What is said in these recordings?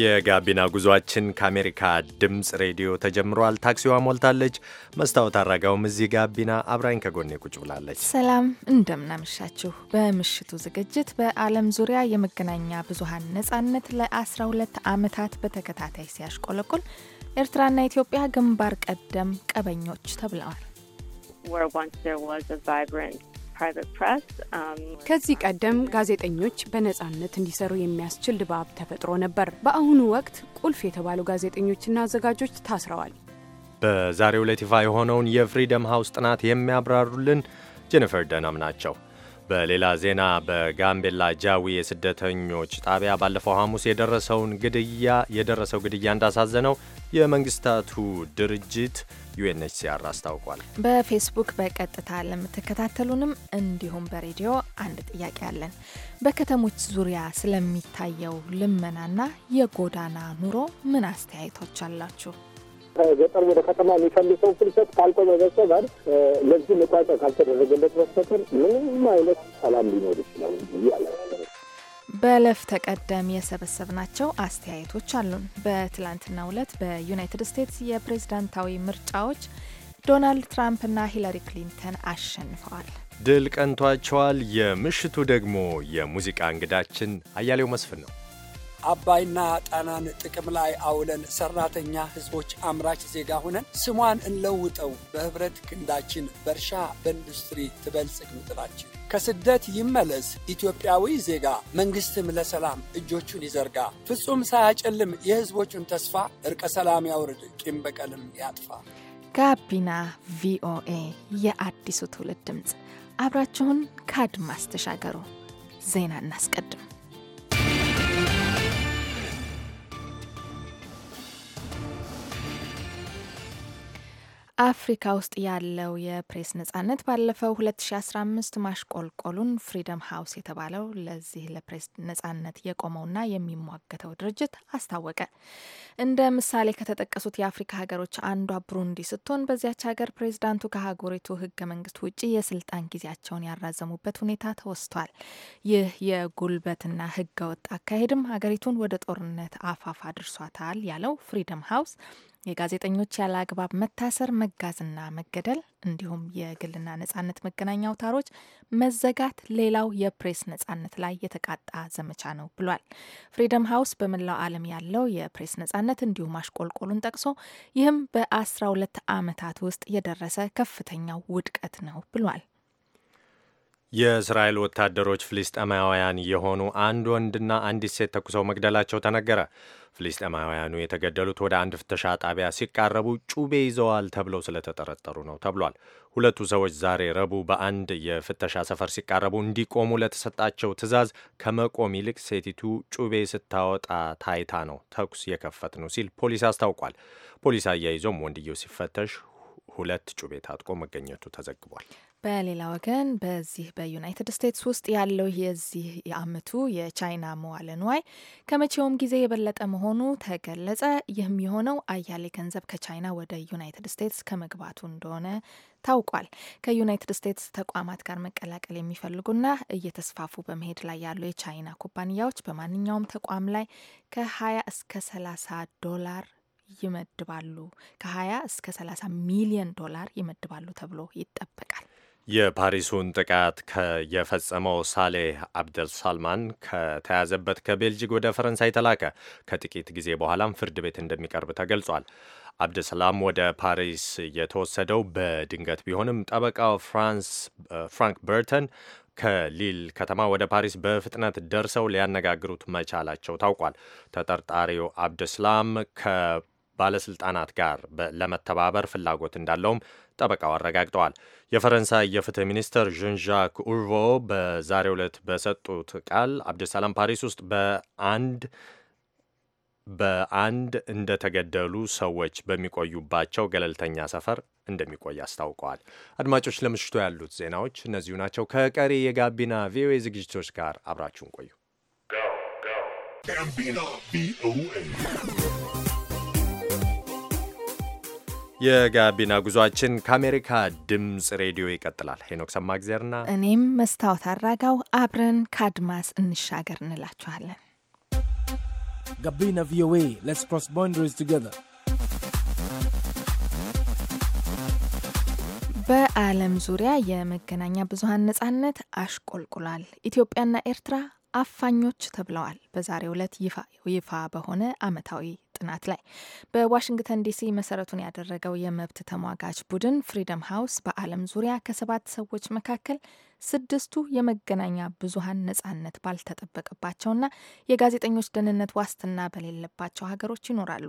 የጋቢና ጉዟችን ከአሜሪካ ድምፅ ሬዲዮ ተጀምሯል። ታክሲዋ ሞልታለች። መስታወት አራጋውም እዚህ ጋቢና አብራኝ ከጎኔ ቁጭ ብላለች። ሰላም እንደምናመሻችሁ። በምሽቱ ዝግጅት በዓለም ዙሪያ የመገናኛ ብዙሀን ነጻነት ለ12 ዓመታት በተከታታይ ሲያሽቆለቁል ኤርትራና ኢትዮጵያ ግንባር ቀደም ቀበኞች ተብለዋል። Um, ከዚህ ቀደም ጋዜጠኞች በነጻነት እንዲሰሩ የሚያስችል ድባብ ተፈጥሮ ነበር። በአሁኑ ወቅት ቁልፍ የተባሉ ጋዜጠኞችና አዘጋጆች ታስረዋል። በዛሬው ዕለት ይፋ የሆነውን የፍሪደም ሃውስ ጥናት የሚያብራሩልን ጄኒፈር ደናም ናቸው። በሌላ ዜና በጋምቤላ ጃዊ የስደተኞች ጣቢያ ባለፈው ሐሙስ የደረሰውን ግድያ የደረሰው ግድያ እንዳሳዘነው የመንግስታቱ ድርጅት ዩኤንኤችሲአር አስታውቋል። በፌስቡክ በቀጥታ ለምትከታተሉንም እንዲሁም በሬዲዮ አንድ ጥያቄ አለን። በከተሞች ዙሪያ ስለሚታየው ልመናና የጎዳና ኑሮ ምን አስተያየቶች አላችሁ? ከገጠር ወደ ከተማ የሚፈልሰው ፍልሰት ካልቆ በስተቀር ለዚህ መቋጫ ካልተደረገለት በስተቀር ምንም አይነት ሰላም ሊኖር ይችላል ያለ በለፍ ተቀደም የሰበሰብናቸው አስተያየቶች አሉን። በትላንትናው ዕለት በዩናይትድ ስቴትስ የፕሬዝዳንታዊ ምርጫዎች ዶናልድ ትራምፕና ሂላሪ ክሊንተን አሸንፈዋል፣ ድል ቀንቷቸዋል። የምሽቱ ደግሞ የሙዚቃ እንግዳችን አያሌው መስፍን ነው። አባይና ጣናን ጥቅም ላይ አውለን ሰራተኛ ህዝቦች አምራች ዜጋ ሆነን ስሟን እንለውጠው። በህብረት ክንዳችን በእርሻ በኢንዱስትሪ ትበልጽግ ምድራችን። ከስደት ይመለስ ኢትዮጵያዊ ዜጋ፣ መንግስትም ለሰላም እጆቹን ይዘርጋ። ፍጹም ሳያጨልም የህዝቦቹን ተስፋ እርቀ ሰላም ያውርድ፣ ቂም በቀልም ያጥፋ። ጋቢና ቪኦኤ የአዲሱ ትውልድ ድምፅ፣ አብራችሁን ከአድማስ ተሻገሩ። ዜና እናስቀድም። አፍሪካ ውስጥ ያለው የፕሬስ ነጻነት ባለፈው 2015 ማሽቆልቆሉን ፍሪደም ሀውስ የተባለው ለዚህ ለፕሬስ ነጻነት የቆመውና የሚሟገተው ድርጅት አስታወቀ። እንደ ምሳሌ ከተጠቀሱት የአፍሪካ ሀገሮች አንዷ ብሩንዲ ስትሆን በዚያች ሀገር ፕሬዚዳንቱ ከሀገሪቱ ህገ መንግስት ውጭ የስልጣን ጊዜያቸውን ያራዘሙበት ሁኔታ ተወስቷል። ይህ የጉልበትና ህገ ወጥ አካሄድም ሀገሪቱን ወደ ጦርነት አፋፍ አድርሷታል ያለው ፍሪደም ሀውስ የጋዜጠኞች ያለ አግባብ መታሰር፣ መጋዝና መገደል እንዲሁም የግልና ነጻነት መገናኛ አውታሮች መዘጋት ሌላው የፕሬስ ነጻነት ላይ የተቃጣ ዘመቻ ነው ብሏል። ፍሪደም ሀውስ በመላው ዓለም ያለው የፕሬስ ነጻነት እንዲሁም አሽቆልቆሉን ጠቅሶ ይህም በአስራ ሁለት ዓመታት ውስጥ የደረሰ ከፍተኛው ውድቀት ነው ብሏል። የእስራኤል ወታደሮች ፍልስጤማውያን የሆኑ አንድ ወንድና አንዲት ሴት ተኩሰው መግደላቸው ተነገረ። ፍልስጤማውያኑ የተገደሉት ወደ አንድ ፍተሻ ጣቢያ ሲቃረቡ ጩቤ ይዘዋል ተብለው ስለተጠረጠሩ ነው ተብሏል። ሁለቱ ሰዎች ዛሬ ረቡዕ በአንድ የፍተሻ ሰፈር ሲቃረቡ እንዲቆሙ ለተሰጣቸው ትዕዛዝ ከመቆም ይልቅ ሴቲቱ ጩቤ ስታወጣ ታይታ ነው ተኩስ የከፈት ነው ሲል ፖሊስ አስታውቋል። ፖሊስ አያይዞም ወንድየው ሲፈተሽ ሁለት ጩቤ ታጥቆ መገኘቱ ተዘግቧል። በሌላ ወገን በዚህ በዩናይትድ ስቴትስ ውስጥ ያለው የዚህ የአመቱ የቻይና መዋለ ንዋይ ከመቼውም ጊዜ የበለጠ መሆኑ ተገለጸ። ይህም የሆነው አያሌ ገንዘብ ከቻይና ወደ ዩናይትድ ስቴትስ ከመግባቱ እንደሆነ ታውቋል። ከዩናይትድ ስቴትስ ተቋማት ጋር መቀላቀል የሚፈልጉና እየተስፋፉ በመሄድ ላይ ያሉ የቻይና ኩባንያዎች በማንኛውም ተቋም ላይ ከ20 እስከ 30 ዶላር ይመድባሉ ከ20 እስከ 30 ሚሊዮን ዶላር ይመድባሉ ተብሎ ይጠበቃል። የፓሪሱን ጥቃት የፈጸመው ሳሌህ አብደል ሳልማን ከተያዘበት ከቤልጅግ ወደ ፈረንሳይ ተላከ። ከጥቂት ጊዜ በኋላም ፍርድ ቤት እንደሚቀርብ ተገልጿል። አብደሰላም ወደ ፓሪስ የተወሰደው በድንገት ቢሆንም ጠበቃው ፍራንክ በርተን ከሊል ከተማ ወደ ፓሪስ በፍጥነት ደርሰው ሊያነጋግሩት መቻላቸው ታውቋል። ተጠርጣሪው አብደስላም ከ ባለስልጣናት ጋር ለመተባበር ፍላጎት እንዳለውም ጠበቃው አረጋግጠዋል። የፈረንሳይ የፍትህ ሚኒስትር ዣን ዣክ ኡርቮ በዛሬው ዕለት በሰጡት ቃል አብደሰላም ፓሪስ ውስጥ በአንድ በአንድ እንደተገደሉ ሰዎች በሚቆዩባቸው ገለልተኛ ሰፈር እንደሚቆይ አስታውቀዋል። አድማጮች፣ ለምሽቱ ያሉት ዜናዎች እነዚሁ ናቸው። ከቀሪ የጋቢና ቪኦኤ ዝግጅቶች ጋር አብራችሁን ቆዩ። የጋቢና ጉዟችን ከአሜሪካ ድምፅ ሬዲዮ ይቀጥላል። ሄኖክ ሰማእግዜርና እኔም መስታወት አራጋው አብረን ከአድማስ እንሻገር እንላችኋለን። ጋቢና ቪኦኤ ሌትስ ክሮስ ቦንደሪስ ቱጌዘር በዓለም ዙሪያ የመገናኛ ብዙሀን ነጻነት አሽቆልቁሏል። ኢትዮጵያና ኤርትራ አፋኞች ተብለዋል። በዛሬው ዕለት ይፋ በሆነ አመታዊ። ጥናት ላይ በዋሽንግተን ዲሲ መሰረቱን ያደረገው የመብት ተሟጋች ቡድን ፍሪደም ሃውስ በዓለም ዙሪያ ከሰባት ሰዎች መካከል ስድስቱ የመገናኛ ብዙሀን ነጻነት ባልተጠበቀባቸውና የጋዜጠኞች ደህንነት ዋስትና በሌለባቸው ሀገሮች ይኖራሉ።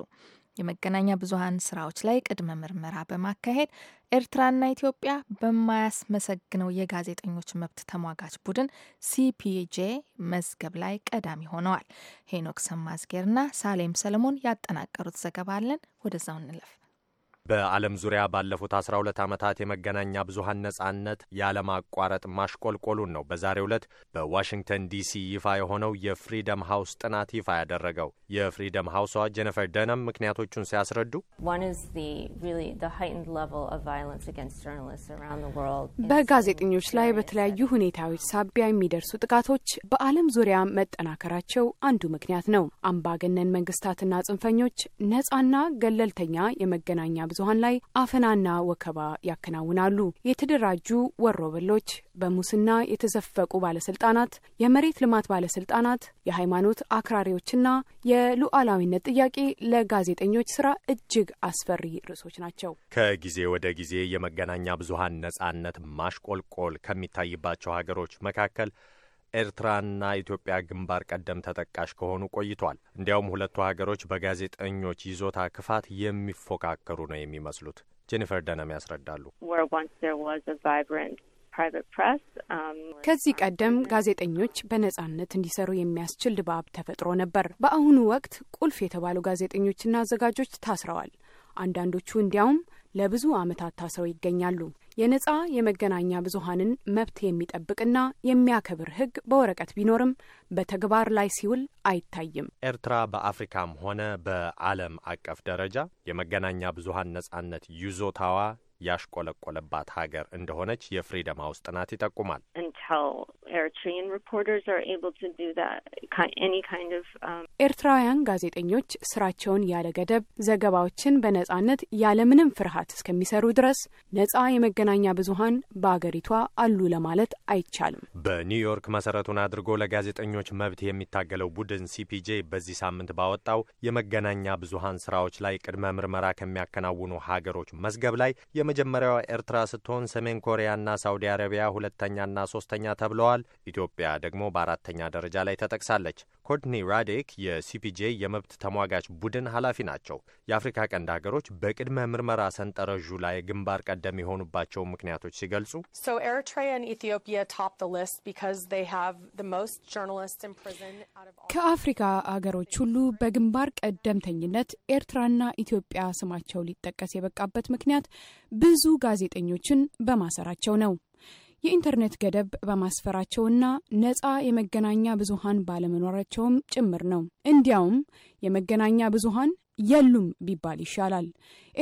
የመገናኛ ብዙሀን ስራዎች ላይ ቅድመ ምርመራ በማካሄድ ኤርትራና ኢትዮጵያ በማያስመሰግነው የጋዜጠኞች መብት ተሟጋች ቡድን ሲፒጄ መዝገብ ላይ ቀዳሚ ሆነዋል። ሄኖክ ሰማዝጌርና ሳሌም ሰለሞን ያጠናቀሩት ዘገባ አለን። ወደዛው እንለፍ። በዓለም ዙሪያ ባለፉት 12 ዓመታት የመገናኛ ብዙሃን ነጻነት ያለማቋረጥ ማሽቆልቆሉን ነው በዛሬው ዕለት በዋሽንግተን ዲሲ ይፋ የሆነው የፍሪደም ሃውስ ጥናት ይፋ ያደረገው። የፍሪደም ሃውሷ ጄኒፈር ደነም ምክንያቶቹን ሲያስረዱ በጋዜጠኞች ላይ በተለያዩ ሁኔታዎች ሳቢያ የሚደርሱ ጥቃቶች በዓለም ዙሪያ መጠናከራቸው አንዱ ምክንያት ነው። አምባገነን መንግስታትና ጽንፈኞች ነጻና ገለልተኛ የመገናኛ ብዙሀን ላይ አፈናና ወከባ ያከናውናሉ። የተደራጁ ወሮበሎች፣ በሙስና የተዘፈቁ ባለስልጣናት፣ የመሬት ልማት ባለስልጣናት፣ የሃይማኖት አክራሪዎችና የሉዓላዊነት ጥያቄ ለጋዜጠኞች ስራ እጅግ አስፈሪ ርዕሶች ናቸው። ከጊዜ ወደ ጊዜ የመገናኛ ብዙሀን ነጻነት ማሽቆልቆል ከሚታይባቸው ሀገሮች መካከል ኤርትራና ኢትዮጵያ ግንባር ቀደም ተጠቃሽ ከሆኑ ቆይቷል። እንዲያውም ሁለቱ ሀገሮች በጋዜጠኞች ይዞታ ክፋት የሚፎካከሩ ነው የሚመስሉት። ጄኒፈር ደነም ያስረዳሉ። um, ከዚህ ቀደም ጋዜጠኞች በነጻነት እንዲሰሩ የሚያስችል ድባብ ተፈጥሮ ነበር። በአሁኑ ወቅት ቁልፍ የተባሉ ጋዜጠኞችና አዘጋጆች ታስረዋል። አንዳንዶቹ እንዲያውም ለብዙ ዓመታት ታስረው ይገኛሉ። የነጻ የመገናኛ ብዙሀንን መብት የሚጠብቅና የሚያከብር ሕግ በወረቀት ቢኖርም በተግባር ላይ ሲውል አይታይም። ኤርትራ በአፍሪካም ሆነ በዓለም አቀፍ ደረጃ የመገናኛ ብዙሀን ነጻነት ይዞታዋ ያሽቆለቆለባት ሀገር እንደሆነች የፍሪደም ሀውስ ጥናት ይጠቁማል። um, ኤርትራውያን ጋዜጠኞች ስራቸውን ያለ ገደብ ዘገባዎችን በነጻነት ያለምንም ፍርሃት እስከሚሰሩ ድረስ ነጻ የመገናኛ ብዙሀን በአገሪቷ አሉ ለማለት አይቻልም። በኒውዮርክ መሰረቱን አድርጎ ለጋዜጠኞች መብት የሚታገለው ቡድን ሲፒጄ በዚህ ሳምንት ባወጣው የመገናኛ ብዙሀን ስራዎች ላይ ቅድመ ምርመራ ከሚያከናውኑ ሀገሮች መዝገብ ላይ የመጀመሪያዋ ኤርትራ ስትሆን ሰሜን ኮሪያና ሳውዲ አረቢያ ሁለተኛና ሶስተኛ ተብለዋል። ኢትዮጵያ ደግሞ በአራተኛ ደረጃ ላይ ተጠቅሳለች። ኮርትኒ ራዴክ የሲፒጄ የመብት ተሟጋች ቡድን ኃላፊ ናቸው። የአፍሪካ ቀንድ ሀገሮች በቅድመ ምርመራ ሰንጠረዡ ላይ ግንባር ቀደም የሆኑባቸው ምክንያቶች ሲገልጹ ከአፍሪካ አገሮች ሁሉ በግንባር ቀደምተኝነት ኤርትራና ኢትዮጵያ ስማቸው ሊጠቀስ የበቃበት ምክንያት ብዙ ጋዜጠኞችን በማሰራቸው ነው። የኢንተርኔት ገደብ በማስፈራቸውና ነፃ የመገናኛ ብዙሃን ባለመኖራቸውም ጭምር ነው። እንዲያውም የመገናኛ ብዙሃን የሉም ቢባል ይሻላል።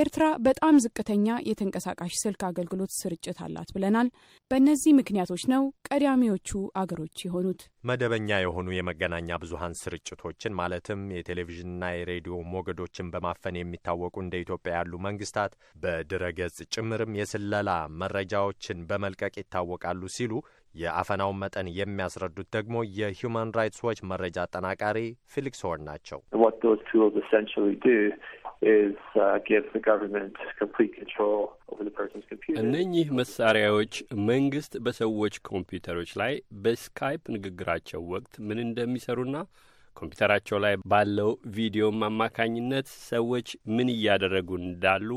ኤርትራ በጣም ዝቅተኛ የተንቀሳቃሽ ስልክ አገልግሎት ስርጭት አላት ብለናል። በእነዚህ ምክንያቶች ነው ቀዳሚዎቹ አገሮች የሆኑት። መደበኛ የሆኑ የመገናኛ ብዙሀን ስርጭቶችን ማለትም የቴሌቪዥንና የሬዲዮ ሞገዶችን በማፈን የሚታወቁ እንደ ኢትዮጵያ ያሉ መንግስታት በድረገጽ ጭምርም የስለላ መረጃዎችን በመልቀቅ ይታወቃሉ ሲሉ የአፈናውን መጠን የሚያስረዱት ደግሞ የሁማን ራይትስ ዎች መረጃ አጠናቃሪ ፊሊክስ ሆርን ናቸው። uh, እነኚህ መሳሪያዎች መንግስት በሰዎች ኮምፒውተሮች ላይ በስካይፕ ንግግራቸው ወቅት ምን እንደሚሰሩና ኮምፒውተራቸው ላይ ባለው ቪዲዮም አማካኝነት ሰዎች ምን እያደረጉ እንዳሉ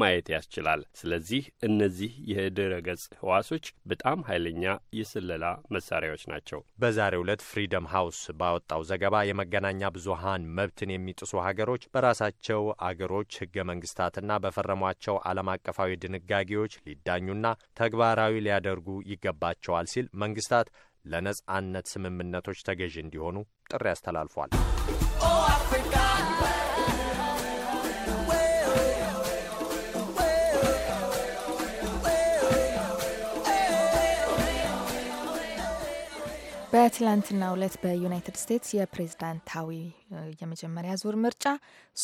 ማየት ያስችላል። ስለዚህ እነዚህ የድረ ገጽ ህዋሶች በጣም ኃይለኛ የስለላ መሳሪያዎች ናቸው። በዛሬው ዕለት ፍሪደም ሃውስ ባወጣው ዘገባ የመገናኛ ብዙሃን መብትን የሚጥሱ ሀገሮች በራሳቸው አገሮች ህገ መንግስታትና በፈረሟቸው ዓለም አቀፋዊ ድንጋጌዎች ሊዳኙና ተግባራዊ ሊያደርጉ ይገባቸዋል ሲል መንግስታት ለነጻነት ስምምነቶች ተገዥ እንዲሆኑ ጥሪ አስተላልፏል። oh, በትላንትና ዕለት በዩናይትድ ስቴትስ የፕሬዝዳንታዊ የመጀመሪያ ዙር ምርጫ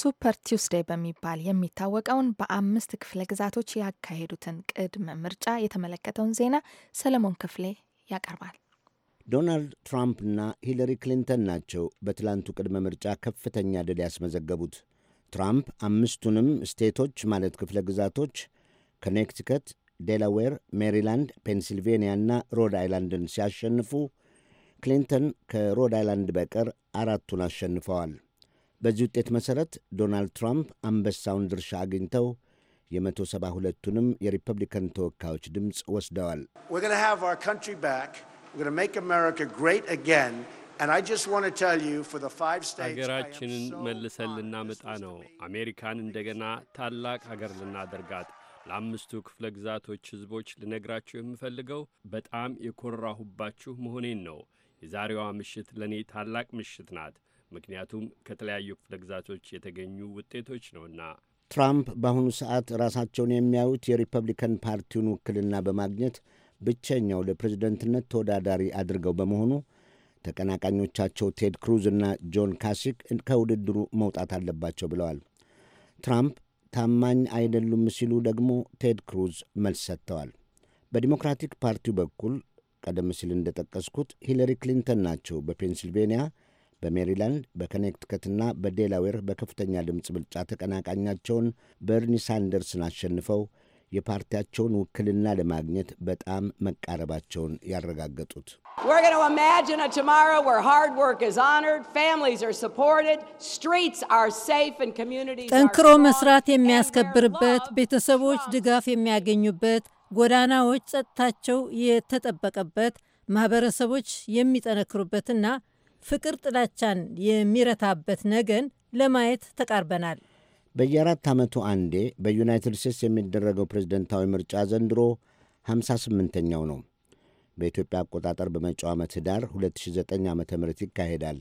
ሱፐር ቲውስዴይ በሚባል የሚታወቀውን በአምስት ክፍለ ግዛቶች ያካሄዱትን ቅድመ ምርጫ የተመለከተውን ዜና ሰለሞን ክፍሌ ያቀርባል። ዶናልድ ትራምፕና ሂለሪ ክሊንተን ናቸው በትላንቱ ቅድመ ምርጫ ከፍተኛ ድል ያስመዘገቡት። ትራምፕ አምስቱንም ስቴቶች ማለት ክፍለ ግዛቶች ኮኔክቲከት፣ ዴላዌር፣ ሜሪላንድ፣ ፔንሲልቬንያ እና ሮድ አይላንድን ሲያሸንፉ ክሊንተን ከሮድ አይላንድ በቀር አራቱን አሸንፈዋል። በዚህ ውጤት መሠረት ዶናልድ ትራምፕ አንበሳውን ድርሻ አግኝተው የመቶ ሰባ ሁለቱንም የሪፐብሊካን ተወካዮች ድምፅ ወስደዋል። ሀገራችንን መልሰን ልናመጣ ነው። አሜሪካን እንደገና ታላቅ ሀገር ልናደርጋት ለአምስቱ ክፍለ ግዛቶች ሕዝቦች ልነግራችሁ የምፈልገው በጣም የኮራሁባችሁ መሆኔን ነው። የዛሬዋ ምሽት ለእኔ ታላቅ ምሽት ናት፣ ምክንያቱም ከተለያዩ ክፍለ ግዛቶች የተገኙ ውጤቶች ነውና። ትራምፕ በአሁኑ ሰዓት ራሳቸውን የሚያዩት የሪፐብሊካን ፓርቲውን ውክልና በማግኘት ብቸኛው ለፕሬዝደንትነት ተወዳዳሪ አድርገው በመሆኑ ተቀናቃኞቻቸው ቴድ ክሩዝ እና ጆን ካሲክ ከውድድሩ መውጣት አለባቸው ብለዋል። ትራምፕ ታማኝ አይደሉም ሲሉ ደግሞ ቴድ ክሩዝ መልስ ሰጥተዋል። በዲሞክራቲክ ፓርቲው በኩል ቀደም ሲል እንደጠቀስኩት ሂለሪ ክሊንተን ናቸው በፔንሲልቬንያ፣ በሜሪላንድ፣ በከኔክትከትና በዴላዌር በከፍተኛ ድምፅ ብልጫ ተቀናቃኛቸውን በርኒ ሳንደርስን አሸንፈው የፓርቲያቸውን ውክልና ለማግኘት በጣም መቃረባቸውን ያረጋገጡት ጠንክሮ መስራት የሚያስከብርበት፣ ቤተሰቦች ድጋፍ የሚያገኙበት፣ ጎዳናዎች ጸጥታቸው የተጠበቀበት፣ ማህበረሰቦች የሚጠነክሩበትና ፍቅር ጥላቻን የሚረታበት ነገን ለማየት ተቃርበናል። በየአራት ዓመቱ አንዴ በዩናይትድ ስቴትስ የሚደረገው ፕሬዝደንታዊ ምርጫ ዘንድሮ 58ኛው ነው። በኢትዮጵያ አቆጣጠር በመጪው ዓመት ህዳር 2009 ዓ ም ይካሄዳል።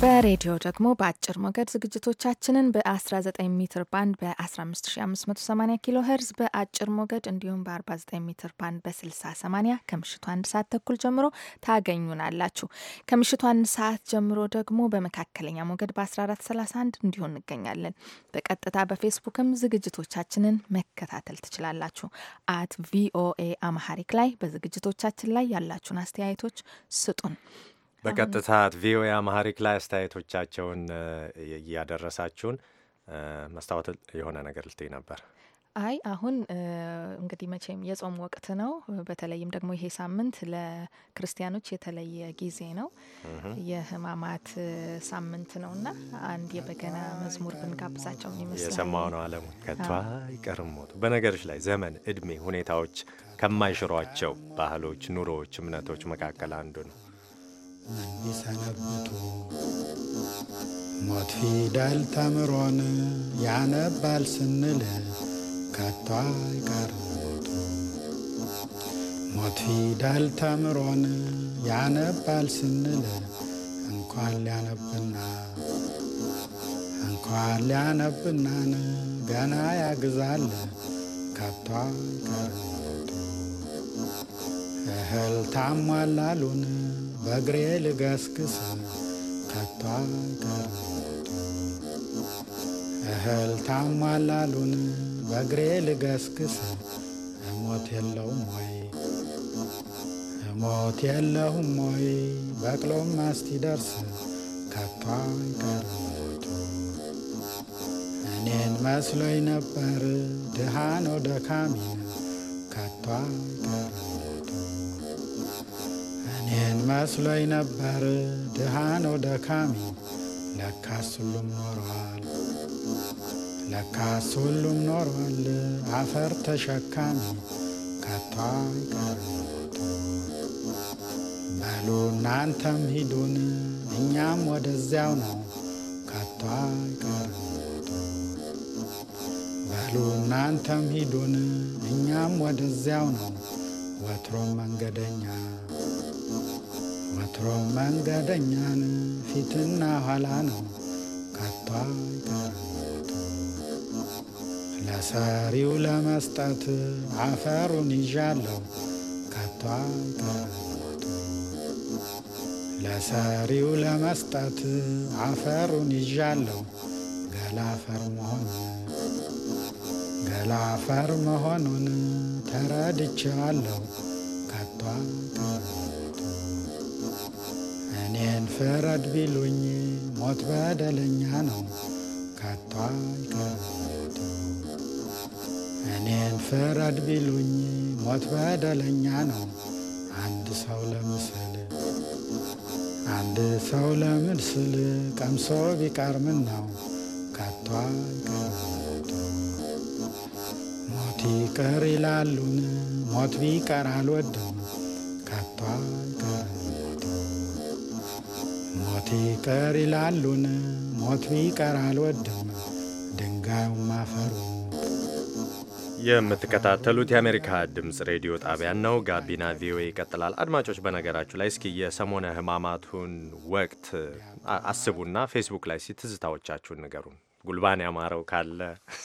በሬዲዮ ደግሞ በአጭር ሞገድ ዝግጅቶቻችንን በ19 ሜትር ባንድ በ15580 ኪሎ ሄርዝ በአጭር ሞገድ እንዲሁም በ49 ሜትር ባንድ በ6080 ከምሽቱ አንድ ሰዓት ተኩል ጀምሮ ታገኙናላችሁ። ከምሽቱ አንድ ሰዓት ጀምሮ ደግሞ በመካከለኛ ሞገድ በ1431 እንዲሁን እንገኛለን። በቀጥታ በፌስቡክም ዝግጅቶቻችንን መከታተል ትችላላችሁ። አት ቪኦኤ አማሐሪክ ላይ በዝግጅቶቻችን ላይ ያላችሁን አስተያየቶች ስጡን። በቀጥታ ቪኦኤ አማሪክ ላይ አስተያየቶቻቸውን እያደረሳችሁን መስታወት የሆነ ነገር ልትይ ነበር። አይ አሁን እንግዲህ መቼም የጾም ወቅት ነው። በተለይም ደግሞ ይሄ ሳምንት ለክርስቲያኖች የተለየ ጊዜ ነው። የሕማማት ሳምንት ነው እና አንድ የበገና መዝሙር ብንጋብዛቸው ይመስላል። የሰማው ነው አለሙ ከቷ አይቀርም ሞቱ። በነገሮች ላይ ዘመን፣ እድሜ፣ ሁኔታዎች ከማይሽሯቸው ባህሎች፣ ኑሮዎች፣ እምነቶች መካከል አንዱ ነው። እንዲሰነብቱ ሞት ፊደል ተምሮን ያነባል ስንል ከቶ አይቀርም ሞቱ። ሞት ፊደል ተምሮን ያነባል ስንል እንኳን ሊያነብና እንኳን ሊያነብናን ገና ያግዛል ከቶ አይቀርም ሞቱ። እህል ታሟላሉን በእግሬ ልገስግስ ከቷ ቀርቶ እህል ታሟላሉን በእግሬ ልገስግስ እሞት የለውም ወይ እሞት የለሁም ወይ በቅሎም እስቲደርስ ከቷ ቀርቶ እኔን መስሎኝ ነበር ድሃ ነው ደካሚ ከቷ ቀርቶ እኔን መስሎኝ ነበር ድሃ ነው ደካሚ፣ ለካስ ሁሉም ኖሯል፣ ለካስ ሁሉም ኖሯል። አፈር ተሸካሚ ከቷ ቀርቶ በሉ እናንተም ሂዱን፣ እኛም ወደዚያው ነው ከቷ ቀርቶ በሉ እናንተም ሂዱን፣ እኛም ወደዚያው ነው ወትሮም መንገደኛ ወትሮ መንገደኛን ፊትና ኋላ ነው ከቷ ይቀርቶ ለሰሪው ለመስጠት አፈሩን ይዣለሁ ከቷ ይቀርቶ ለሰሪው ለመስጠት አፈሩን ይዣለሁ ገላ አፈር መሆን ገላፈር መሆኑን ተረድቼዋለሁ ከቷ ይቀርቶ እኔን ፍረድ ቢሉኝ ሞት በደለኛ ነው ከቷ ይቀርቱ እኔን ፍረድ ቢሉኝ ሞት በደለኛ ነው አንድ ሰው ለምስል አንድ ሰው ለምስል ቀምሶ ቢቀር ምን ነው ከቷ ይቀርቱ ሞት ይቀር ይላሉን ሞት ቢቀር አልወድም ሞት ይቅር ይላሉን ሞት ይቀር አልወድም ድንጋዩም ማፈሩ። የምትከታተሉት የአሜሪካ ድምፅ ሬዲዮ ጣቢያን ነው። ጋቢና ቪኦኤ ይቀጥላል። አድማጮች፣ በነገራችሁ ላይ እስኪ የሰሞነ ህማማቱን ወቅት አስቡና ፌስቡክ ላይ ሲትዝታዎቻችሁን ንገሩን። ጉልባን ያማረው ካለ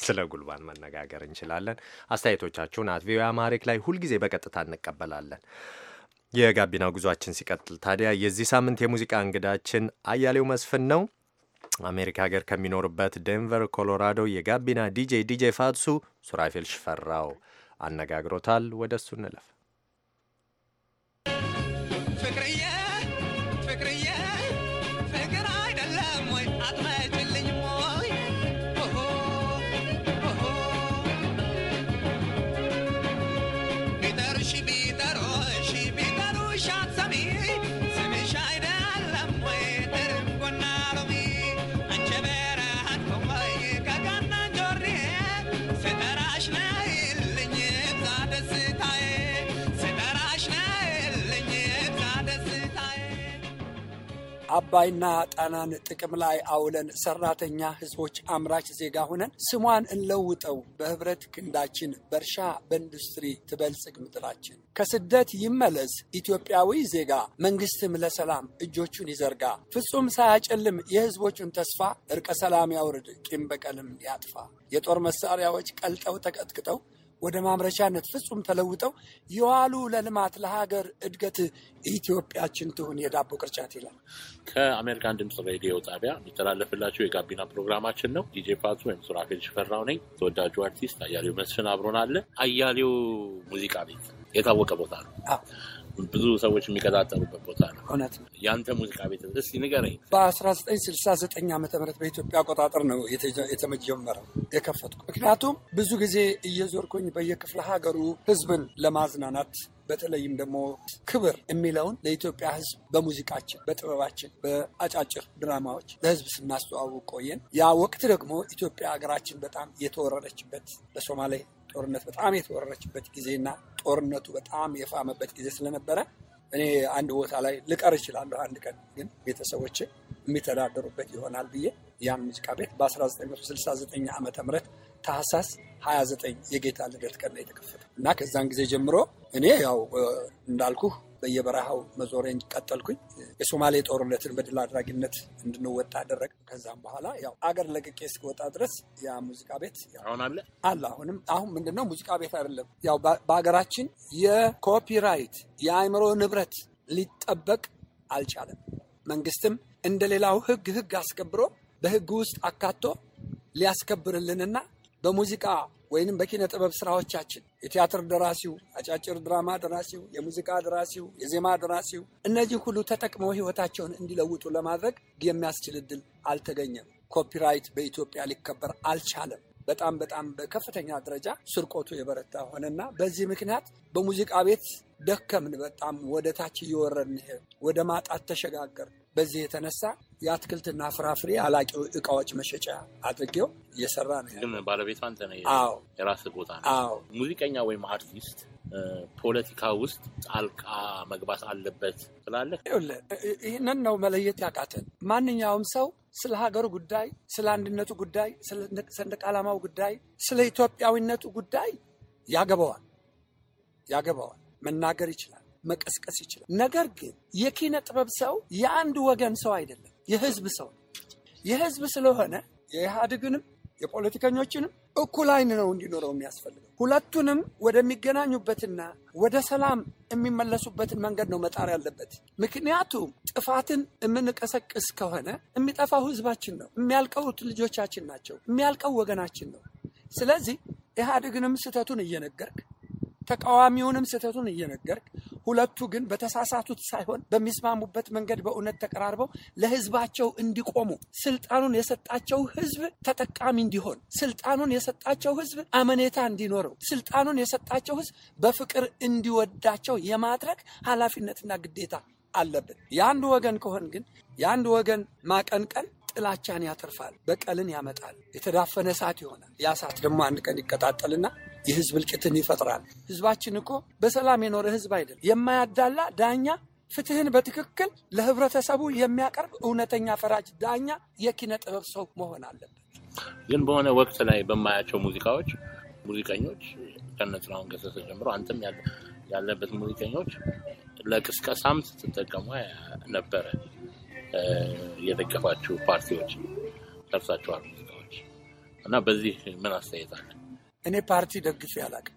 ስለ ጉልባን መነጋገር እንችላለን። አስተያየቶቻችሁን አት ቪኦኤ አማሪክ ላይ ሁልጊዜ በቀጥታ እንቀበላለን። የጋቢና ጉዟችን ሲቀጥል ታዲያ የዚህ ሳምንት የሙዚቃ እንግዳችን አያሌው መስፍን ነው። አሜሪካ ሀገር ከሚኖርበት ዴንቨር ኮሎራዶ የጋቢና ዲጄ ዲጄ ፋትሱ ሱራፌል ሽፈራው አነጋግሮታል። ወደ እሱ እንለፍ። አባይና ጣናን ጥቅም ላይ አውለን ሰራተኛ ህዝቦች አምራች ዜጋ ሆነን ስሟን እንለውጠው። በህብረት ክንዳችን በእርሻ በኢንዱስትሪ ትበልጽግ ምድራችን። ከስደት ይመለስ ኢትዮጵያዊ ዜጋ፣ መንግስትም ለሰላም እጆቹን ይዘርጋ። ፍጹም ሳያጨልም የህዝቦቹን ተስፋ እርቀ ሰላም ያውርድ፣ ቂም በቀልም ያጥፋ። የጦር መሳሪያዎች ቀልጠው ተቀጥቅጠው ወደ ማምረቻነት ፍጹም ተለውጠው የዋሉ ለልማት ለሀገር እድገት ኢትዮጵያችን ትሁን የዳቦ ቅርጫት ይላል። ከአሜሪካን ድምፅ ሬዲዮ ጣቢያ የሚተላለፍላቸው የጋቢና ፕሮግራማችን ነው። ዲጄ ፓቱ ወይም ሱራፌል ሽፈራው ነኝ። ተወዳጁ አርቲስት አያሌው መስፍን አብሮን አለ። አያሌው ሙዚቃ ቤት የታወቀ ቦታ ነው። ብዙ ሰዎች የሚቀጣጠሩበት ቦታ ነው። እውነት ነው። ያንተ ሙዚቃ ቤት እስኪ ንገረኝ። በ1969 ዓ ም በኢትዮጵያ አቆጣጠር ነው የተመጀመረው የከፈትኩ። ምክንያቱም ብዙ ጊዜ እየዞርኩኝ በየክፍለ ሀገሩ ህዝብን ለማዝናናት በተለይም ደግሞ ክብር የሚለውን ለኢትዮጵያ ሕዝብ በሙዚቃችን፣ በጥበባችን፣ በአጫጭር ድራማዎች ለሕዝብ ስናስተዋውቅ ቆየን። ያ ወቅት ደግሞ ኢትዮጵያ ሀገራችን በጣም የተወረረችበት በሶማሌ ጦርነት በጣም የተወረረችበት ጊዜና ጦርነቱ በጣም የፋመበት ጊዜ ስለነበረ እኔ አንድ ቦታ ላይ ልቀር እችላለሁ። አንድ ቀን ግን ቤተሰቦች የሚተዳደሩበት ይሆናል ብዬ ያን ሙዚቃ ቤት በ1969 ዓ ም ታህሳስ 29 የጌታ ልደት ቀን ላይ የተከፈተ እና ከዛን ጊዜ ጀምሮ እኔ ያው እንዳልኩ በየበረሃው መዞሬን ቀጠልኩኝ። የሶማሌ ጦርነትን በድል አድራጊነት እንድንወጣ አደረግ። ከዛም በኋላ ያው አገር ለቅቄ እስክወጣ ድረስ ያ ሙዚቃ ቤት አሁን አለ አለ። አሁንም አሁን ምንድነው ሙዚቃ ቤት አይደለም። ያው በሀገራችን የኮፒራይት የአእምሮ ንብረት ሊጠበቅ አልቻለም። መንግስትም እንደ ሌላው ህግ ህግ አስከብሮ በህግ ውስጥ አካቶ ሊያስከብርልንና በሙዚቃ ወይንም በኪነ ጥበብ ስራዎቻችን የቲያትር ደራሲው፣ አጫጭር ድራማ ደራሲው፣ የሙዚቃ ደራሲው፣ የዜማ ደራሲው እነዚህ ሁሉ ተጠቅመው ህይወታቸውን እንዲለውጡ ለማድረግ የሚያስችል እድል አልተገኘም። ኮፒራይት በኢትዮጵያ ሊከበር አልቻለም። በጣም በጣም በከፍተኛ ደረጃ ስርቆቱ የበረታ ሆነና በዚህ ምክንያት በሙዚቃ ቤት ደከምን። በጣም ወደ ታች እየወረድን ወደ ማጣት ተሸጋገር። በዚህ የተነሳ የአትክልትና ፍራፍሬ አላቂ እቃዎች መሸጫ አድርጌው እየሰራ ነው። ግን ባለቤቷ አንተ ነህ፣ የራስ ቦታ ነው። ሙዚቀኛ ወይም አርቲስት ፖለቲካ ውስጥ ጣልቃ መግባት አለበት ስላለህ ይህንን ነው መለየት ያቃተን። ማንኛውም ሰው ስለ ሀገሩ ጉዳይ፣ ስለ አንድነቱ ጉዳይ፣ ስለ ሰንደቅ ዓላማው ጉዳይ፣ ስለ ኢትዮጵያዊነቱ ጉዳይ ያገባዋል ያገባዋል መናገር ይችላል መቀስቀስ ይችላል። ነገር ግን የኪነ ጥበብ ሰው የአንድ ወገን ሰው አይደለም። የህዝብ ሰው የህዝብ ስለሆነ የኢህአዴግንም የፖለቲከኞችንም እኩል አይን ነው እንዲኖረው የሚያስፈልገው። ሁለቱንም ወደሚገናኙበትና ወደ ሰላም የሚመለሱበትን መንገድ ነው መጣር ያለበት። ምክንያቱም ጥፋትን የምንቀሰቅስ ከሆነ የሚጠፋው ህዝባችን ነው፣ የሚያልቀውት ልጆቻችን ናቸው፣ የሚያልቀው ወገናችን ነው። ስለዚህ ኢህአዴግንም ስህተቱን እየነገርክ ተቃዋሚውንም ስህተቱን እየነገርክ ሁለቱ ግን በተሳሳቱት ሳይሆን በሚስማሙበት መንገድ በእውነት ተቀራርበው ለህዝባቸው እንዲቆሙ ስልጣኑን የሰጣቸው ህዝብ ተጠቃሚ እንዲሆን፣ ስልጣኑን የሰጣቸው ህዝብ አመኔታ እንዲኖረው፣ ስልጣኑን የሰጣቸው ህዝብ በፍቅር እንዲወዳቸው የማድረግ ኃላፊነትና ግዴታ አለብን። የአንድ ወገን ከሆን ግን የአንድ ወገን ማቀንቀን ጥላቻን ያተርፋል፣ በቀልን ያመጣል፣ የተዳፈነ እሳት ይሆናል። ያ እሳት ደግሞ አንድ ቀን ይቀጣጠልና የህዝብ እልቂትን ይፈጥራል። ህዝባችን እኮ በሰላም የኖረ ህዝብ አይደለም። የማያዳላ ዳኛ ፍትህን በትክክል ለህብረተሰቡ የሚያቀርብ እውነተኛ ፈራጅ ዳኛ የኪነ ጥበብ ሰው መሆን አለበት። ግን በሆነ ወቅት ላይ በማያቸው ሙዚቃዎች ሙዚቀኞች ከነ ጥላሁን ገሰሰ ጀምሮ አንተም ያለበት ሙዚቀኞች ለቅስቀሳም ስትጠቀሙ ነበረ። የደገፋችሁ ፓርቲዎች ደርሳችኋል ሙዚቃዎች እና በዚህ ምን አስተያየት አለ? እኔ ፓርቲ ደግፌ አላቅም።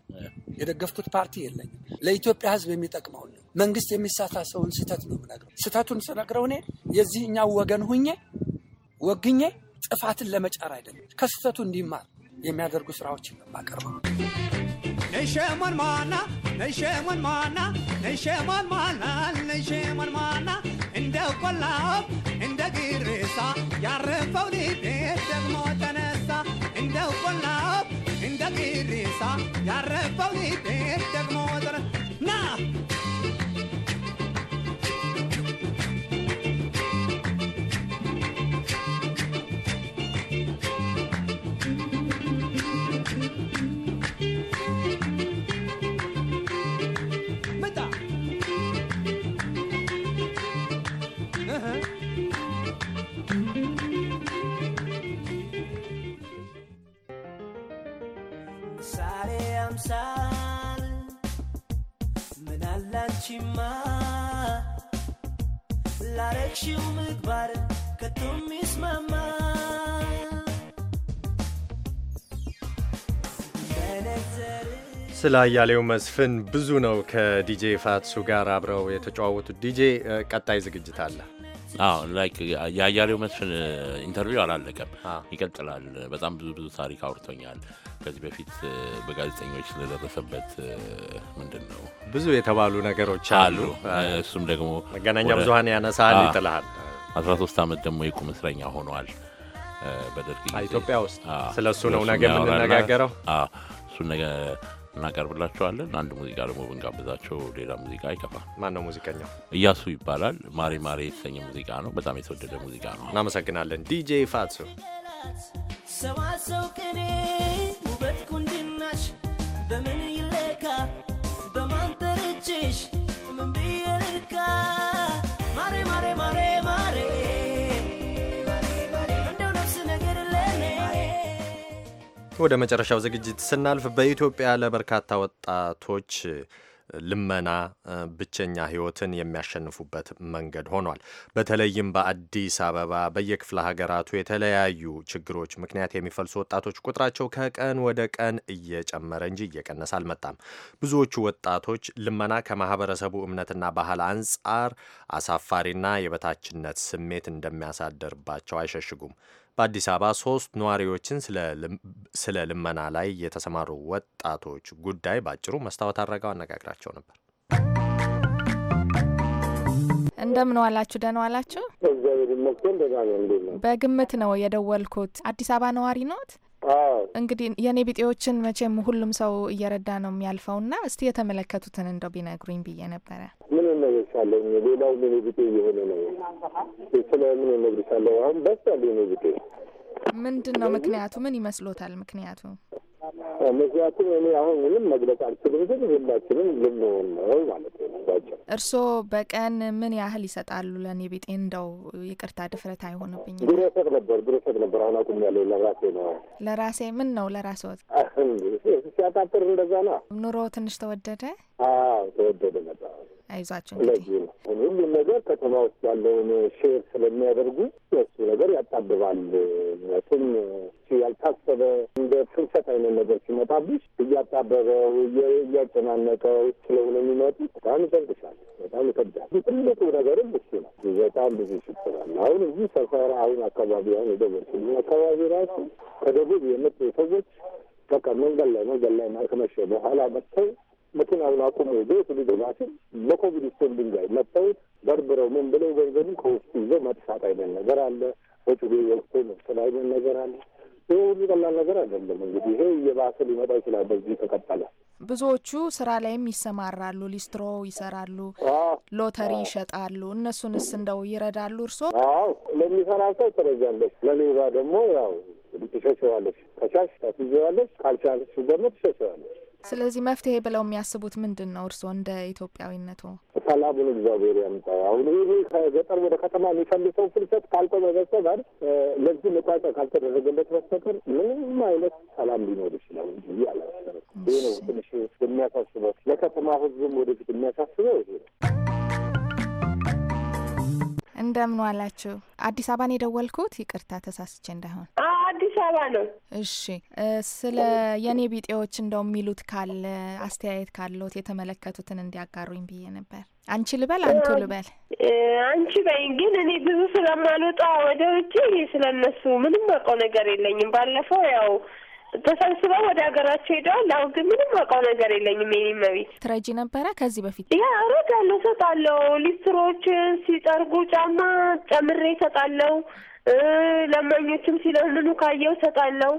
የደገፍኩት ፓርቲ የለኝም። ለኢትዮጵያ ሕዝብ የሚጠቅመው ነው። መንግስት የሚሳሳሰውን ስህተት ነው የምነግረው። ስህተቱን ስነግረው እኔ የዚህኛው ወገን ሁኜ ወግኜ ጥፋትን ለመጫር አይደለም፣ ከስህተቱ እንዲማር የሚያደርጉ ስራዎችን ነው የማቀርበው። እንደ ቆላው እንደ ግርሳ ያረፈው ደግሞ ተነሳ እንደ ቆላ ደቂሳ ያረፈው ሊጤት ደግሞ ስለ አያሌው መስፍን ብዙ ነው ከዲጄ ፋትሱ ጋር አብረው የተጨዋወቱት። ዲጄ ቀጣይ ዝግጅት አለ። አዎ ላይክ የአያሌው መስፍን ኢንተርቪው አላለቀም፣ ይቀጥላል። በጣም ብዙ ብዙ ታሪክ አውርቶኛል ከዚህ በፊት በጋዜጠኞች ስለደረሰበት ምንድን ነው ብዙ የተባሉ ነገሮች አሉ። እሱም ደግሞ መገናኛ ብዙኃን ያነሳል፣ ይጥልሃል። 13 ዓመት ደግሞ የቁም እስረኛ ሆኗል በደርግ ኢትዮጵያ ውስጥ። ስለ እሱ ነው ነገ የምንነጋገረው እሱ ነገ እናቀርብላቸዋለን። አንድ ሙዚቃ ደግሞ ብንጋብዛቸው ሌላ ሙዚቃ አይከፋ። ማነው ሙዚቀኛው? እያሱ ይባላል። ማሬ ማሬ የተሰኘ ሙዚቃ ነው። በጣም የተወደደ ሙዚቃ ነው። እናመሰግናለን ዲጄ ፋሱ ሰዋሰው ቅኔ ውበት ቁንጅናሽ በምን ይለካ በማንተርችሽ ወደ መጨረሻው ዝግጅት ስናልፍ በኢትዮጵያ ለበርካታ ወጣቶች ልመና ብቸኛ ሕይወትን የሚያሸንፉበት መንገድ ሆኗል። በተለይም በአዲስ አበባ በየክፍለ ሀገራቱ የተለያዩ ችግሮች ምክንያት የሚፈልሱ ወጣቶች ቁጥራቸው ከቀን ወደ ቀን እየጨመረ እንጂ እየቀነሰ አልመጣም። ብዙዎቹ ወጣቶች ልመና ከማህበረሰቡ እምነትና ባህል አንጻር አሳፋሪና የበታችነት ስሜት እንደሚያሳደርባቸው አይሸሽጉም። በአዲስ አበባ ሶስት ነዋሪዎችን ስለ ልመና ላይ የተሰማሩ ወጣቶች ጉዳይ በአጭሩ መስታወት አድረገው አነጋግራቸው ነበር። እንደምን ዋላችሁ? ደህና ዋላችሁ? በግምት ነው የደወልኩት። አዲስ አበባ ነዋሪ ነት? እንግዲህ የእኔ ቢጤዎችን መቼም ሁሉም ሰው እየረዳ ነው የሚያልፈው እና እስቲ የተመለከቱትን እንደው ቢነግሩኝ ብዬ ነበረ። ምን እነግርሻለሁ? ሌላው የኔ ቢጤ እየሆነ ነው። ስለ ምን እነግርሻለሁ? አሁን በስ ያለ የኔ ቢጤ ምንድን ነው ምክንያቱ? ምን ይመስሎታል ምክንያቱ? ምክንያቱም እኔ አሁን ምንም መግለጽ አልችልም፣ ግን ሁላችንም ልንሆን ነው ማለት ነው ናቸው። እርስዎ በቀን ምን ያህል ይሰጣሉ ለእኔ ቤጤ? እንደው ይቅርታ ድፍረት አይሆንብኝ። ድሮ እሰጥ ነበር ድሮ እሰጥ ነበር። አሁን አቁም ያለው ለራሴ ነው። ለራሴ ምን ነው ለራሴ ወጥ ሲያጣጥር እንደዛ ነው። ኑሮ ትንሽ ተወደደ። አዎ ተወደደ ነበር አይዟቸው። እንግዲህ ነው ሁሉም ነገር ከተማ ውስጥ ያለውን ሼር ስለሚያደርጉ እሱ ነገር ያጣብባል። ምክንያቱም ያልታሰበ እንደ ፍልሰት አይነት ነገር ሲመጣብሽ እያጣበበው እያጨናነቀው ስለሆነ የሚመጡ በጣም ይጠብሻል፣ በጣም ይከብዳል። ትልቁ ነገርም እሱ ነው። በጣም ብዙ ችግራል። አሁን እዚህ ሰፈር አሁን አካባቢ አሁን የደወልኩልኝ አካባቢ ራሱ ከደቡብ የመጡ ሰዎች በቃ መንገድ ላይ መንገድ ላይ ከመሸ በኋላ መጥተው መኪናውን አቁሞ ቤቱ ሊገባችን በኮቪድ ስቶን ድንጋይ መታየት በርብረው ምን ብለው ገንዘቡ ከውስጡ ይዘው መጥፋት አይነት ነገር አለ። ቤ ወቅቶ መፍሰል አይነት ነገር አለ። ይህ ሁሉ ቀላል ነገር አይደለም። እንግዲህ ይሄ እየባሰ ሊመጣ ይችላል በዚህ ተቀጠለ። ብዙዎቹ ስራ ላይም ይሰማራሉ። ሊስትሮ ይሰራሉ፣ ሎተሪ ይሸጣሉ። እነሱንስ እንደው ይረዳሉ እርስዎ? አዎ ለሚሰራ ሰው ትረጃለች፣ ለሌባ ደግሞ ያው ትሸሸዋለች። ከቻልሽ ታስይዘዋለች፣ ካልቻለች ደግሞ ትሸሸዋለች። ስለዚህ መፍትሄ ብለው የሚያስቡት ምንድን ነው? እርስዎ እንደ ኢትዮጵያዊነቱ ሰላሙን እግዚአብሔር ያምጣ። አሁን ይህ ከገጠር ወደ ከተማ የሚፈልሰው ፍልሰት ካልቆመ በስተቀር ለዚህ መቋጫ ካልተደረገለት በስተቀር ምንም አይነት ሰላም ሊኖር ይችላል እንጂ አላ ይህ ነው ትንሽ የሚያሳስበው ለከተማ ህዝብም ወደፊት የሚያሳስበው ይሄ ነው። እንደምን ዋላችሁ። አዲስ አበባን የደወልኩት ይቅርታ ተሳስቼ እንዳይሆን አዲስ አበባ ነው። እሺ፣ ስለ የኔ ቢጤዎች እንደው የሚሉት ካለ አስተያየት ካለት የተመለከቱትን እንዲያጋሩኝ ብዬ ነበር። አንቺ ልበል አንቱ ልበል አንቺ በይ። ግን እኔ ብዙ ስለማልወጣ ወደ ውጭ ስለነሱ ምንም አውቀው ነገር የለኝም። ባለፈው ያው ተሰብስበው ወደ ሀገራቸው ሄደዋል። አሁን ግን ምንም አውቀው ነገር የለኝም። የኔ መቤት ትረጂ ነበረ ከዚህ በፊት ያ እረዳለሁ፣ እሰጣለሁ። ሊስትሮችን ሲጠርጉ ጫማ ጨምሬ እሰጣለሁ። ለማኞችም ሲለምኑ ካየው እሰጣለሁ።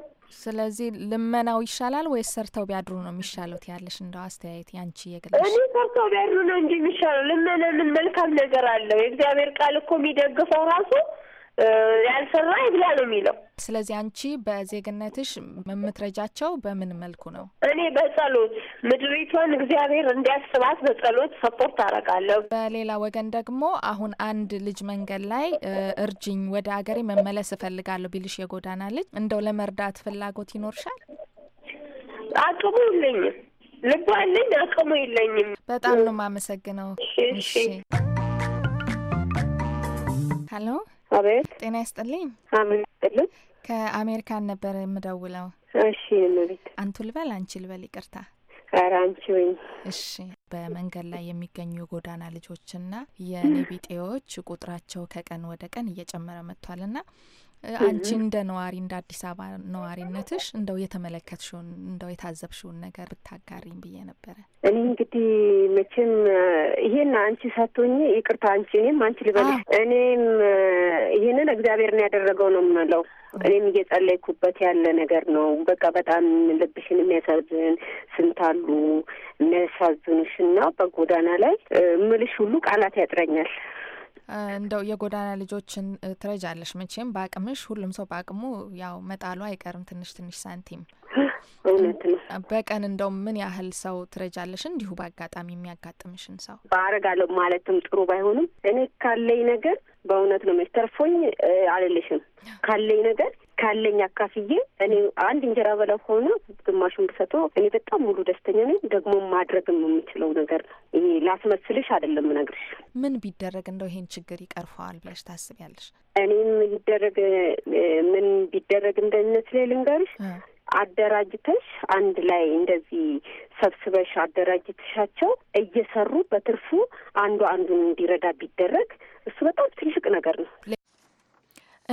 ስለዚህ ልመናው ይሻላል ወይስ ሰርተው ቢያድሩ ነው የሚሻለው ያለሽ እንደው አስተያየት ያንቺ የግለሽ? እኔ ሰርተው ቢያድሩ ነው እንጂ የሚሻለው። ልመና ምን መልካም ነገር አለው? የእግዚአብሔር ቃል እኮ የሚደግፈው ራሱ ያልሰራ ይብላ ነው የሚለው። ስለዚህ አንቺ በዜግነትሽ የምትረጃቸው በምን መልኩ ነው? እኔ በጸሎት ምድሪቷን እግዚአብሔር እንዲያስባት በጸሎት ሰፖርት አደርጋለሁ። በሌላ ወገን ደግሞ አሁን አንድ ልጅ መንገድ ላይ እርጅኝ፣ ወደ አገሬ መመለስ እፈልጋለሁ ቢልሽ የጎዳና ልጅ እንደው ለመርዳት ፍላጎት ይኖርሻል? አቅሙ የለኝም፣ ልቡ አለኝ፣ አቅሙ የለኝም። በጣም ነው የማመሰግነው። ሄሎ አቤት። ጤና ይስጥልኝ። አሜን ይስጥልን። ከአሜሪካን ነበር የምደውለው። እሺ እመቤት። አንቱ ልበል አንቺ ልበል? ይቅርታ እሺ በመንገድ ላይ የሚገኙ የጎዳና ልጆችና የኔቢጤዎች ቁጥራቸው ከቀን ወደ ቀን እየጨመረ ና አንቺ እንደ ነዋሪ እንደ አዲስ አበባ ነዋሪነትሽ እንደው የተመለከትሽውን እንደው የታዘብሽውን ነገር ብታጋሪኝ ብዬ ነበረ። እኔ እንግዲህ መቼም ይሄን አንቺ ሰቶኝ ይቅርታ፣ አንቺ እኔም አንቺ ልበልሽ፣ እኔም ይሄንን እግዚአብሔር ነው ያደረገው ነው የምለው። እኔም እየጸለይኩበት ያለ ነገር ነው። በቃ በጣም ልብሽን የሚያሳዝን ስንት አሉ የሚያሳዝኑሽ እና በጎዳና ላይ ምልሽ ሁሉ ቃላት ያጥረኛል። እንደው የጎዳና ልጆችን ትረጃለሽ መቼም በአቅምሽ። ሁሉም ሰው በአቅሙ ያው መጣሉ አይቀርም ትንሽ ትንሽ ሳንቲም። እውነት ነው። በቀን እንደው ምን ያህል ሰው ትረጃለሽ? እንዲሁ በአጋጣሚ የሚያጋጥምሽን ሰው አረጋለሁ ማለትም ጥሩ ባይሆንም እኔ ካለኝ ነገር በእውነት ነው ተርፎኝ አልልሽም። ካለኝ ነገር ካለኝ አካፍዬ እኔ አንድ እንጀራ በላ ከሆነ ግማሹን ብሰጠው እኔ በጣም ሙሉ ደስተኛ ነኝ። ደግሞ ማድረግም የምችለው ነገር ይሄ ላስመስልሽ አይደለም እነግርሽ። ምን ቢደረግ እንደው ይሄን ችግር ይቀርፈዋል ብለሽ ታስቢያለሽ? እኔም ይደረግ ምን ቢደረግ እንደሚመስለኝ ልንገርሽ አደራጅተሽ አንድ ላይ እንደዚህ ሰብስበሽ አደራጅተሻቸው እየሰሩ በትርፉ አንዱ አንዱን እንዲረዳ ቢደረግ እሱ በጣም ትልቅ ነገር ነው።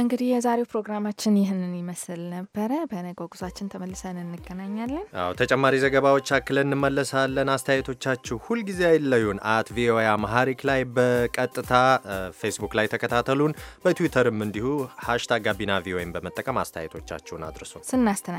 እንግዲህ የዛሬው ፕሮግራማችን ይህንን ይመስል ነበረ። በነገው ጉዟችን ተመልሰን እንገናኛለን። አዎ ተጨማሪ ዘገባዎች አክለን እንመለሳለን። አስተያየቶቻችሁ ሁልጊዜ አይለዩን። አት ቪኦኤ አማሃሪክ ላይ በቀጥታ ፌስቡክ ላይ ተከታተሉን። በትዊተርም እንዲሁ ሀሽታግ ጋቢና ቪኦኤን በመጠቀም አስተያየቶቻችሁን አድርሱን ስናስተናግ